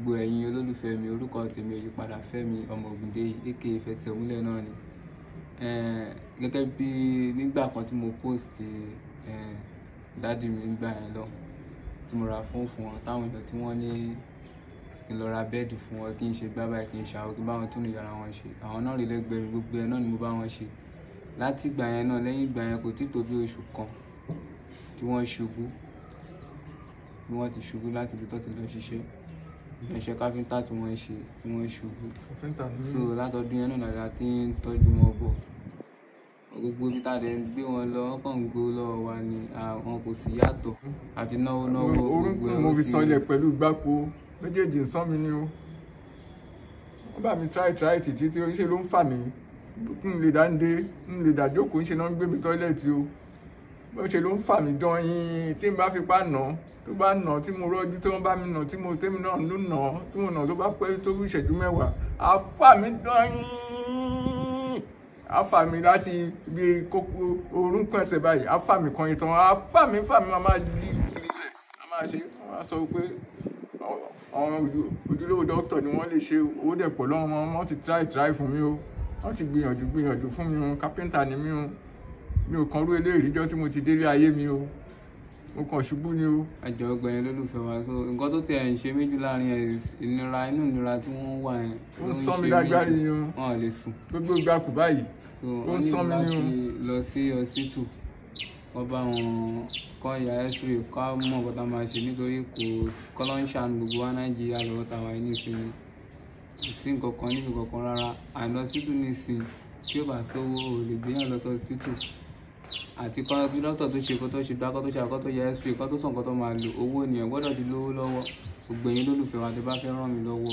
gbogbo ẹ̀yin olólùfẹ́ mi orúkọ tèmi òyípadà Fẹ́mi ọmọ Ògúndèyí aka Fẹsẹ̀múlẹ̀ náà ni gẹ́gẹ́ bí nígbà kan tí mo post dádì mi nígbà yẹn lọ tí mo ra fóònù fún wọn táwọn èèyàn tí wọ́n ní kí n lọ ra bẹ́ẹ̀dì fún wọn kí n ṣe bábà kí n ṣàwọ́ kí n bá wọn tún yàrá wọn ṣe àwọn náà rí lẹ́gbẹ̀ẹ́ mi gbogbo ẹ̀ náà ni mo bá wọn ṣe láti ìgbà yẹn náà lẹ́yìn ìgbà yẹn kò tí tó bí oṣù kan tí wọ́n ṣubú bí wọ́n ti ṣubú láti ibi tó ti lọ ṣiṣẹ́ iṣẹ́ káfíńtà tí wọ́n ń ṣe tí wọ́n ń ṣubú so látọdún yẹn náà la ti ń tọ́jú wọn bọ̀ gbogbo ibi tá a dẹ̀ ń gbé wọn lọ wọ́n kàn ń gbó lọ́wọ́ wa ni àwọn kò sì yàtọ̀ àti náwó náwó gbogbo ẹ̀ orúkọ mo fi san ilẹ̀ pẹ̀lú gbáko méjèèjì ń sán mi ni o wọ́n bá mi try try títí tí oníṣe ló ń fà mí n lè dá ń dé n lè dá jókòó ń ṣe náà ń gbé mi tọ́ílẹ̀tì o bó ṣe ló ń fà mí dán yín tí n bá fipá nà tó bá nà tí mo rọ́jú tí wọ́n bá mi nà tí mo tẹ́mi náà ló nà tí mo nà tó bá pẹ́ tó bí ìṣẹ́jú mẹ́wàá àfà mi dọ́yìn àfà mi láti ibi kókó orúnkún ẹsẹ̀ báyìí àfà mi kan ìtàn àfà mi fà mi máa máa di ìgbìlẹ̀ a máa ṣe wọ́n á sọ pé àwọn ojúlówó dókítà ni wọ́n lè ṣe owó dẹ̀ pọ̀ lọ́wọ́ wọn wọ́n ti try try fún mi o wọ́n ti gbìyànjú gbìyànjú fún mi o kápẹ́ńtà ni mi o mi ò kan rú eléyìí ríjọ́ tí mo ti délé ayé mi o mo kàn ṣubú ni o. àjọ ọgbẹ́ni lólùfẹ́ wa so nǹkan tó tẹ̀ ń ṣe méjì láàrin ìnira inú ìnira tí wọ́n wà yẹn. ó ń sọ mi lágbárí yẹn wọn ò lè sùn. gbogbo ìgbà kù báyìí ó ń sọ mi ní o. lọ sí hospital wọ́n bá wọn kọ́ ìyá x-ray ká mọ̀ bọ́tà máa ṣe nítorí kò kọ́lọ́ńṣà gbogbo wa nàìjíríà lọ́wọ́ tàwa yìí nísìnyí kò sí nǹkan kan níbi kankan rárá àìlọ́sítù nísìnyí tí ó bá sówó ò lè gbé yàn lọ sí hospital àti kọ́ bí dókítà tó ṣe kó tó ṣe gbákọ́ tó ṣe àkọ́ tó yẹ x-ray kọ́ tó sàn kọ́ tó máa lò owó nìyẹn gbọ́dọ̀ ti lówó lọ́wọ́ gbogbo ẹ̀yin lólùfẹ́ wa tó bá fẹ́ ràn mí lọ́wọ́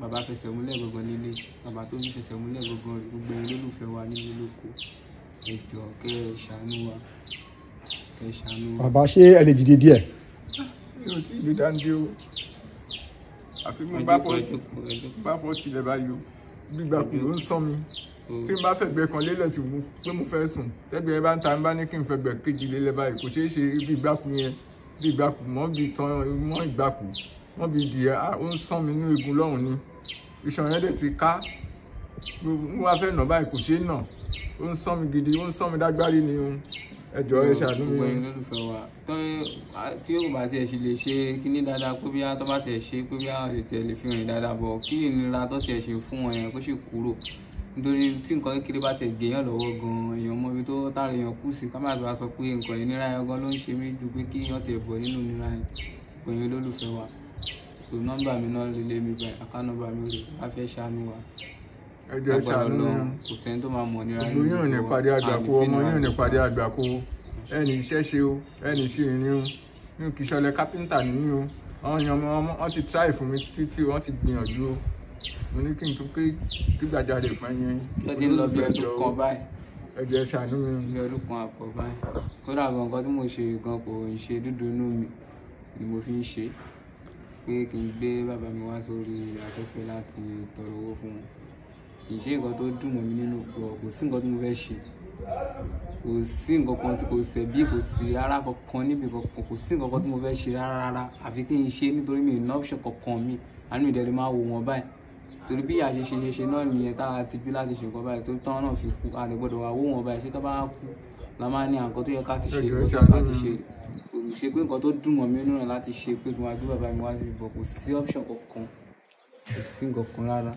bàbá fẹsẹ̀ múlẹ̀ gbogbo nílé bàbá tó fi fẹsẹ̀ múlẹ̀ gbogbo gbogbo ẹ̀yin lólùfẹ́ wa nílé lóko ètò ọ̀kẹ́ ṣàánú wa kẹ́ ṣàánú wa. bàbá ṣé ẹ lè dìde díẹ̀. Ah, mi ò tí ì àfi mú bá fọ́ tilẹ̀ báyìí o gbígbà kù ló ń sán mi tí n bá fẹ̀gbẹ́ kan lélẹ̀ tí pé mo fẹ́ sùn tẹ́gbẹ́ bá ń ta n bá ní kí n fẹ̀gbẹ́ kejì lélẹ̀ báyìí kò ṣeé ṣe bí ìgbàkù yẹn bí ìgbàkù mọ́ bí tan mọ́ ìgbàkù mọ́ bí di ó ń sán mi ní egun lọ́hùn ni iṣan yẹn dẹ̀ ti ká mo wá fẹ́ nà báyìí kò ṣeé nà ó ń sán mi gidi ó ń sán mi dágbárí ni ẹjọ ẹ ṣàánú mi. gbogbo ẹ̀yin lólùfẹ́ wa tí yóò bá tiẹ̀ ṣe lè ṣe kíní dáadáa pé bí a tó bá tiẹ̀ ṣe pé bí a lè tiẹ̀ lè fi hàn dáadáa bọ̀ kí ìnira tó tiẹ̀ ṣe fún wọn yẹn kó sì kúrò nítorí tí nǹkan kékeré bá tiẹ̀ gé yàn lọ́wọ́ gan-an èèyàn mọ ibi tó tààrà èèyàn kú sí kámẹ́rà tó bá sọ pé nǹkan ìnira yẹn gan ló ń ṣe mí ju pé kí yàn tiẹ̀ bọ̀ nínú ìnira yẹn gbogbo ẹ̀yin lólùfẹ́ wa so wa ẹjọ́ ìṣàánú kò sẹ́ni tó máa mọ̀ ní ara yín àgbàkú ọmọ yóò ní pàdé àgbàkú ẹni iṣẹ́ ṣe o ẹni ṣì ní o mi ò kì í o àwọn èèyàn ọmọ wọn ti try fún mi títí tí wọ́n ti gbìyànjú o mo ní kí n tún pé kí gbàjarè fún ẹyin lọ́dún lọ bí ọdún kan báyìí ẹjọ́ ìṣàánú mi. bí ọdún kan àpọ̀ báyìí kódà gan tí mo ṣe gan kò ń ṣe dúdú inú mi ni mo fi ń ṣe pé kí n gbé bàbá mi wá sórí afẹ́fẹ́ láti tọrọ owó fún wọn kì í ṣe nǹkan tó dùn mọ́ mi nínú pọ̀ kò sí nǹkan tí mo fẹ́ ṣe kò sí nǹkan kan tí kò ṣẹ̀bí kò sí ara kankan níbi kankan kò sí nǹkan kan tí mo fẹ́ ṣe rárá rárá àfi kí n ṣe nítorí mi ìná option kankan mi àánú ìdẹ́rẹ́ máa wò wọ́n báyìí torí bí àṣe ṣe ṣe ṣe náà nìyẹn tá a ti bí láti ṣe nǹkan báyìí tó tán náà fi kú àlẹ́ gbọ́dọ̀ wà wò wọ́n báyìí ṣé tó bá kú la máa ní àǹkan tó yẹ ká ti ṣe kó tó ká ti ṣe kò ṣe pé nǹkan tó dùn mọ́ mi nínú rẹ̀ láti ṣe pé kí n wá gbé bàbá mi wá síbi bọ̀ kò sí option kankan kò sí nǹkan kan rárá.